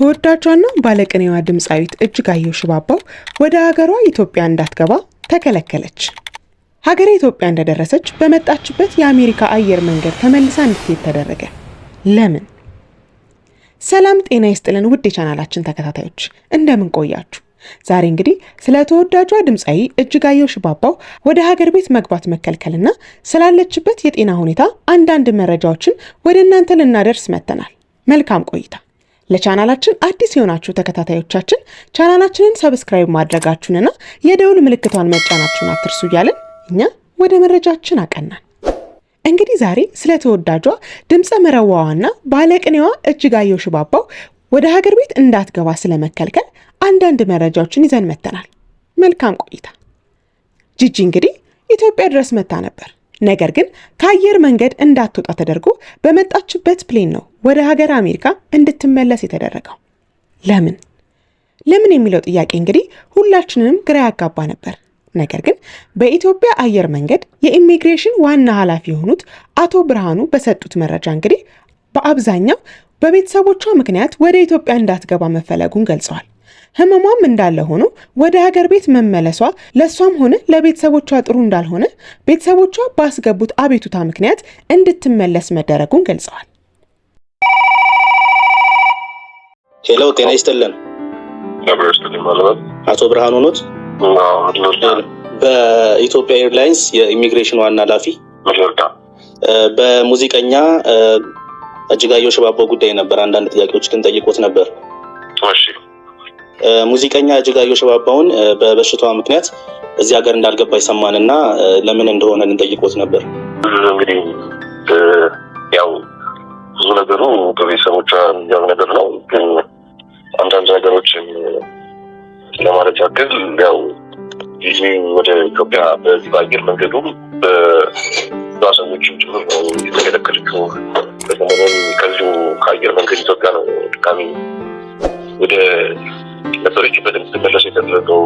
ተወዳጇና ባለቅኔዋ ድምፃዊት እጅጋየሁ ሽባባው ወደ ሀገሯ ኢትዮጵያ እንዳትገባ ተከለከለች። ሀገሬ ኢትዮጵያ እንደደረሰች በመጣችበት የአሜሪካ አየር መንገድ ተመልሳ እንድትሄድ ተደረገ። ለምን? ሰላም ጤና ይስጥልን ውድ የቻናላችን ተከታታዮች እንደምን ቆያችሁ? ዛሬ እንግዲህ ስለ ተወዳጇ ድምፃዊ እጅጋየሁ ሽባባው ወደ ሀገር ቤት መግባት መከልከልና ስላለችበት የጤና ሁኔታ አንዳንድ መረጃዎችን ወደ እናንተ ልናደርስ መጥተናል። መልካም ቆይታ። ለቻናላችን አዲስ የሆናችሁ ተከታታዮቻችን ቻናላችንን ሰብስክራይብ ማድረጋችሁንና የደውል ምልክቷን መጫናችሁን አትርሱ እያልን እኛ ወደ መረጃችን አቀናል። እንግዲህ ዛሬ ስለ ተወዳጇ ድምፀ መረዋዋና ባለቅኔዋ እጅጋየሁ ሽባባው ወደ ሀገር ቤት እንዳትገባ ስለመከልከል አንዳንድ መረጃዎችን ይዘን መተናል። መልካም ቆይታ። ጂጂ እንግዲህ ኢትዮጵያ ድረስ መታ ነበር። ነገር ግን ከአየር መንገድ እንዳትወጣ ተደርጎ በመጣችበት ፕሌን ነው ወደ ሀገር አሜሪካ እንድትመለስ የተደረገው። ለምን ለምን የሚለው ጥያቄ እንግዲህ ሁላችንንም ግራ ያጋባ ነበር። ነገር ግን በኢትዮጵያ አየር መንገድ የኢሚግሬሽን ዋና ኃላፊ የሆኑት አቶ ብርሃኑ በሰጡት መረጃ እንግዲህ በአብዛኛው በቤተሰቦቿ ምክንያት ወደ ኢትዮጵያ እንዳትገባ መፈለጉን ገልጸዋል። ህመሟም እንዳለ ሆኖ ወደ ሀገር ቤት መመለሷ ለእሷም ሆነ ለቤተሰቦቿ ጥሩ እንዳልሆነ ቤተሰቦቿ ባስገቡት አቤቱታ ምክንያት እንድትመለስ መደረጉን ገልጸዋል። ሄሎ፣ ጤና ይስጥልን። አቶ ብርሃን ኖት? በኢትዮጵያ ኤርላይንስ የኢሚግሬሽን ዋና ኃላፊ በሙዚቀኛ እጅጋየሁ ሽባባው ጉዳይ ነበር። አንዳንድ ጥያቄዎች ግን ጠይቆት ነበር። ሙዚቀኛ እጅጋየሁ ሽባባውን በበሽታዋ ምክንያት እዚህ ሀገር እንዳልገባ ይሰማን እና ለምን እንደሆነ እንጠይቆት ነበር። እንግዲህ ያው ብዙ ነገሩ በቤተሰቦቿ ያው ነገር ነው፣ ግን አንዳንድ ነገሮች ለማለት ያክል ያው ይህ ወደ ኢትዮጵያ በዚህ በአየር መንገዱ በሰዎችም ጭምር ነው የተከለከለችው። በሰሞኑን ከዚሁ ከአየር መንገድ ኢትዮጵያ ነው ድጋሚ ወደ ነበረች ከነበረችበት መለስ የተደረገው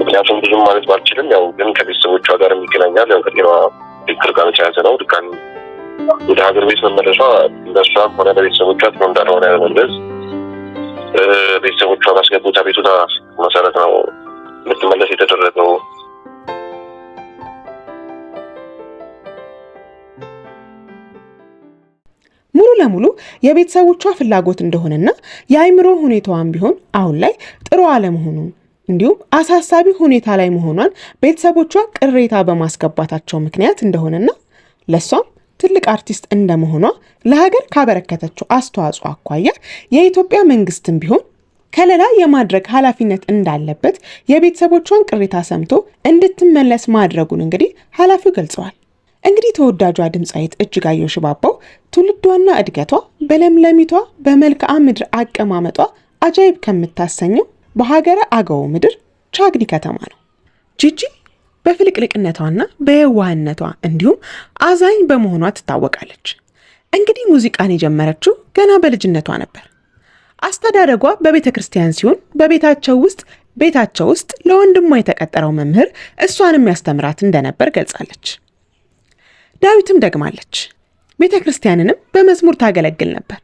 ምክንያቱም ብዙም ማለት ባልችልም፣ ያው ግን ከቤተሰቦቿ ጋር የሚገናኛል። ያው ከጤና ችግር ጋር የተያዘ ነው። ድካም ወደ ሀገር ቤት መመለሷ እንደሷም ሆነ ለቤተሰቦቿ ጥሩ እንዳልሆነ ያለመለስ ቤተሰቦቿ ማስገቡታ ቤቱታ መሰረት ነው እንድትመለስ የተደረገው። ለሙሉ የቤተሰቦቿ ፍላጎት እንደሆነና የአይምሮ ሁኔታዋን ቢሆን አሁን ላይ ጥሩ አለመሆኑን እንዲሁም አሳሳቢ ሁኔታ ላይ መሆኗን ቤተሰቦቿ ቅሬታ በማስገባታቸው ምክንያት እንደሆነና ለእሷም ትልቅ አርቲስት እንደመሆኗ ለሀገር ካበረከተችው አስተዋጽኦ አኳያ የኢትዮጵያ መንግስትም ቢሆን ከለላ የማድረግ ኃላፊነት እንዳለበት የቤተሰቦቿን ቅሬታ ሰምቶ እንድትመለስ ማድረጉን እንግዲህ ኃላፊው ገልጸዋል። እንግዲህ ተወዳጇ ድምፃዊት እጅጋየሁ ሽባባው ትውልዷና እድገቷ በለምለሚቷ በመልክዓ ምድር አቀማመጧ አጃይብ ከምታሰኘው በሀገረ አገው ምድር ቻግኒ ከተማ ነው። ጂጂ በፍልቅልቅነቷና በየዋህነቷ እንዲሁም አዛኝ በመሆኗ ትታወቃለች። እንግዲህ ሙዚቃን የጀመረችው ገና በልጅነቷ ነበር። አስተዳደጓ በቤተ ክርስቲያን ሲሆን በቤታቸው ውስጥ ቤታቸው ውስጥ ለወንድሟ የተቀጠረው መምህር እሷንም ያስተምራት እንደነበር ገልጻለች። ዳዊትም ደግማለች። ቤተ ክርስቲያንንም በመዝሙር ታገለግል ነበር።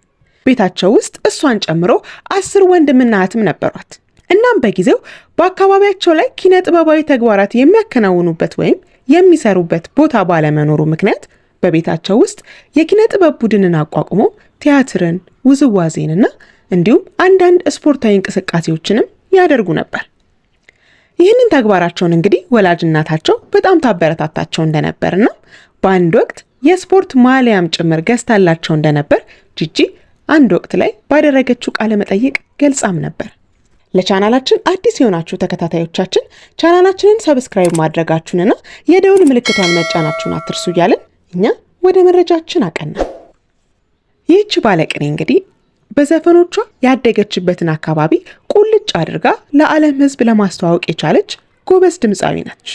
ቤታቸው ውስጥ እሷን ጨምሮ አስር ወንድምና እህትም ነበሯት። እናም በጊዜው በአካባቢያቸው ላይ ኪነ ጥበባዊ ተግባራት የሚያከናውኑበት ወይም የሚሰሩበት ቦታ ባለመኖሩ ምክንያት በቤታቸው ውስጥ የኪነ ጥበብ ቡድንን አቋቁሞ ቲያትርን፣ ውዝዋዜንና እንዲሁም አንዳንድ ስፖርታዊ እንቅስቃሴዎችንም ያደርጉ ነበር። ይህንን ተግባራቸውን እንግዲህ ወላጅ እናታቸው በጣም ታበረታታቸው እንደነበርና በአንድ ወቅት የስፖርት ማሊያም ጭምር ገዝታላቸው እንደነበር ጂጂ አንድ ወቅት ላይ ባደረገችው ቃለ መጠይቅ ገልጻም ነበር። ለቻናላችን አዲስ የሆናችሁ ተከታታዮቻችን ቻናላችንን ሰብስክራይብ ማድረጋችሁንና የደውል ምልክቷን መጫናችሁን አትርሱ እያለን እኛ ወደ መረጃችን አቀና። ይህች ባለቅኔ እንግዲህ በዘፈኖቿ ያደገችበትን አካባቢ ቁልጭ አድርጋ ለዓለም ሕዝብ ለማስተዋወቅ የቻለች ጎበዝ ድምፃዊ ናች።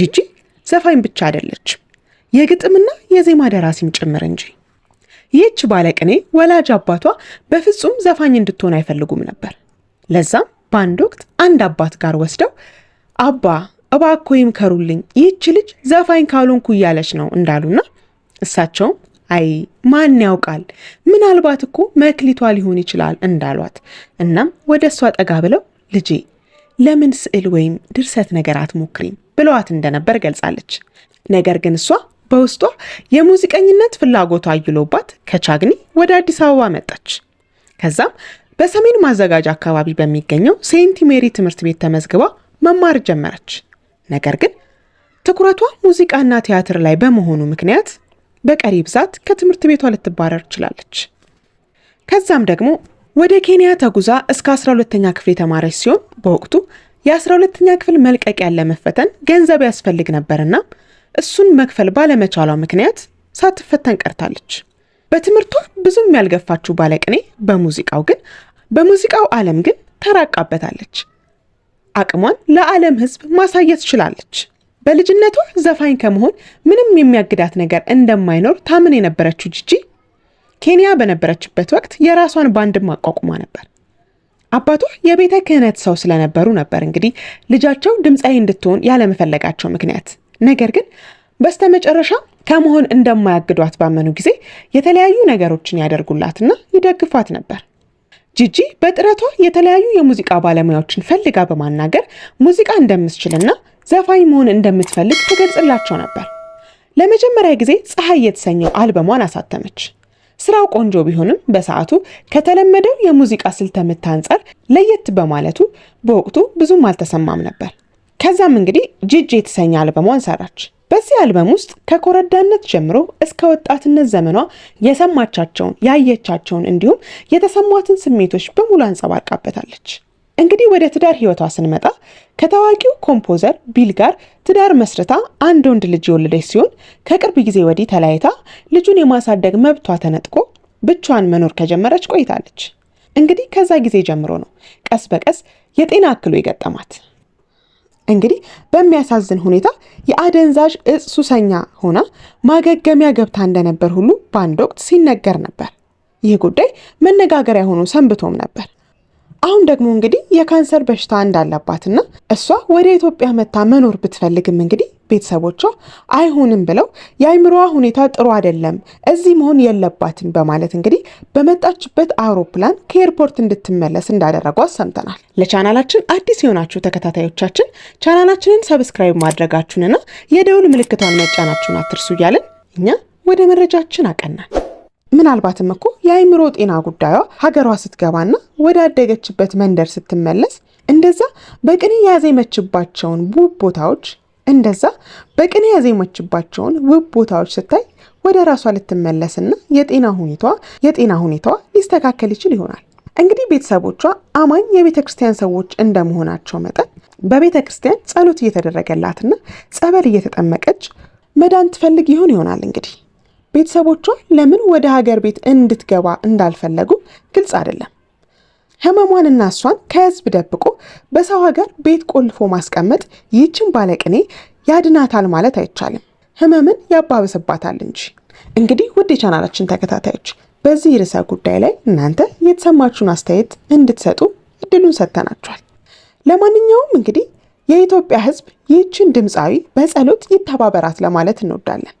ጂጂ ዘፋኝ ብቻ አይደለችም። የግጥምና የዜማ ደራሲም ጭምር እንጂ። ይህች ባለቅኔ ወላጅ አባቷ በፍጹም ዘፋኝ እንድትሆን አይፈልጉም ነበር። ለዛም በአንድ ወቅት አንድ አባት ጋር ወስደው አባ እባኮ ይምከሩልኝ፣ ይህች ልጅ ዘፋኝ ካልሆንኩ እያለች ነው እንዳሉና እሳቸውም አይ ማን ያውቃል፣ ምናልባት እኮ መክሊቷ ሊሆን ይችላል እንዳሏት። እናም ወደ እሷ ጠጋ ብለው ልጄ ለምን ስዕል ወይም ድርሰት ነገር አትሞክሪም ብለዋት እንደነበር ገልጻለች። ነገር ግን እሷ በውስጧ የሙዚቀኝነት ፍላጎቱ አይሎባት ከቻግኒ ወደ አዲስ አበባ መጣች። ከዛም በሰሜን ማዘጋጃ አካባቢ በሚገኘው ሴንት ሜሪ ትምህርት ቤት ተመዝግባ መማር ጀመረች። ነገር ግን ትኩረቷ ሙዚቃና ቲያትር ላይ በመሆኑ ምክንያት በቀሪ ብዛት ከትምህርት ቤቷ ልትባረር ችላለች። ከዛም ደግሞ ወደ ኬንያ ተጉዛ እስከ 12ኛ ክፍል የተማረች ሲሆን በወቅቱ የ12ኛ ክፍል መልቀቂያን ለመፈተን ገንዘብ ያስፈልግ ነበርና እሱን መክፈል ባለመቻሏ ምክንያት ሳትፈተን ቀርታለች። በትምህርቷ ብዙም ያልገፋችው ባለቅኔ በሙዚቃው ግን በሙዚቃው ዓለም ግን ተራቃበታለች። አቅሟን ለዓለም ሕዝብ ማሳየት ችላለች። በልጅነቷ ዘፋኝ ከመሆን ምንም የሚያግዳት ነገር እንደማይኖር ታምን የነበረችው ጂጂ ኬንያ በነበረችበት ወቅት የራሷን ባንድም አቋቁማ ነበር። አባቷ የቤተ ክህነት ሰው ስለነበሩ ነበር እንግዲህ ልጃቸው ድምፃዊ እንድትሆን ያለመፈለጋቸው ምክንያት ነገር ግን በስተመጨረሻ ከመሆን እንደማያግዷት ባመኑ ጊዜ የተለያዩ ነገሮችን ያደርጉላትና ይደግፏት ነበር። ጂጂ በጥረቷ የተለያዩ የሙዚቃ ባለሙያዎችን ፈልጋ በማናገር ሙዚቃ እንደምትችልና ዘፋኝ መሆን እንደምትፈልግ ትገልጽላቸው ነበር። ለመጀመሪያ ጊዜ ፀሐይ የተሰኘው አልበሟን አሳተመች። ስራው ቆንጆ ቢሆንም በሰዓቱ ከተለመደው የሙዚቃ ስልት ምት አንጻር ለየት በማለቱ በወቅቱ ብዙም አልተሰማም ነበር። ከዛም እንግዲህ ጂጂ የተሰኘ አልበሟን ሰራች። በዚህ አልበም ውስጥ ከኮረዳነት ጀምሮ እስከ ወጣትነት ዘመኗ የሰማቻቸውን ያየቻቸውን እንዲሁም የተሰሟትን ስሜቶች በሙሉ አንጸባርቃበታለች። እንግዲህ ወደ ትዳር ህይወቷ ስንመጣ ከታዋቂው ኮምፖዘር ቢል ጋር ትዳር መስርታ አንድ ወንድ ልጅ የወለደች ሲሆን ከቅርብ ጊዜ ወዲህ ተለያይታ ልጁን የማሳደግ መብቷ ተነጥቆ ብቻዋን መኖር ከጀመረች ቆይታለች። እንግዲህ ከዛ ጊዜ ጀምሮ ነው ቀስ በቀስ የጤና እክሉ የገጠማት። እንግዲህ በሚያሳዝን ሁኔታ የአደንዛዥ እጽ ሱሰኛ ሆና ማገገሚያ ገብታ እንደነበር ሁሉ በአንድ ወቅት ሲነገር ነበር። ይህ ጉዳይ መነጋገሪያ ሆኖ ሰንብቶም ነበር። አሁን ደግሞ እንግዲህ የካንሰር በሽታ እንዳለባትና እሷ ወደ ኢትዮጵያ መታ መኖር ብትፈልግም እንግዲህ ቤተሰቦቿ አይሁንም ብለው የአይምሮዋ ሁኔታ ጥሩ አይደለም፣ እዚህ መሆን የለባትም በማለት እንግዲህ በመጣችበት አውሮፕላን ከኤርፖርት እንድትመለስ እንዳደረጉ ሰምተናል። ለቻናላችን አዲስ የሆናችሁ ተከታታዮቻችን ቻናላችንን ሰብስክራይብ ማድረጋችሁንና የደውል ምልክቷን መጫናችሁን አትርሱ እያለን እኛ ወደ መረጃችን አቀናል። ምናልባትም እኮ የአይምሮ ጤና ጉዳዩ ሀገሯ ስትገባና ወዳደገችበት መንደር ስትመለስ እንደዛ በቅኔ ያዜመችባቸውን ውብ ቦታዎች እንደዛ በቅኔ ያዜመችባቸውን ውብ ቦታዎች ስታይ ወደ ራሷ ልትመለስና የጤና ሁኔቷ የጤና ሁኔታዋ ሊስተካከል ይችል ይሆናል። እንግዲህ ቤተሰቦቿ አማኝ የቤተ ክርስቲያን ሰዎች እንደመሆናቸው መጠን በቤተ ክርስቲያን ጸሎት እየተደረገላትና ጸበል እየተጠመቀች መዳን ትፈልግ ይሆን ይሆናል እንግዲህ ቤተሰቦቿ ለምን ወደ ሀገር ቤት እንድትገባ እንዳልፈለጉ ግልጽ አይደለም። ህመሟንና እሷን ከህዝብ ደብቆ በሰው ሀገር ቤት ቆልፎ ማስቀመጥ ይህችን ባለቅኔ ያድናታል ማለት አይቻልም፣ ህመምን ያባብስባታል እንጂ። እንግዲህ ውድ የቻናላችን ተከታታዮች በዚህ ርዕሰ ጉዳይ ላይ እናንተ የተሰማችሁን አስተያየት እንድትሰጡ እድሉን ሰጥተናችኋል። ለማንኛውም እንግዲህ የኢትዮጵያ ህዝብ ይህችን ድምፃዊ በጸሎት ይተባበራት ለማለት እንወዳለን።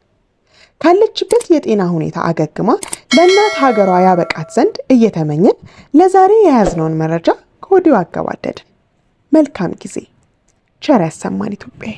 ካለችበት የጤና ሁኔታ አገግማ ለእናት ሀገሯ ያበቃት ዘንድ እየተመኘን ለዛሬ የያዝነውን መረጃ ከወዲሁ አገባደድን። መልካም ጊዜ። ቸር ያሰማን ኢትዮጵያ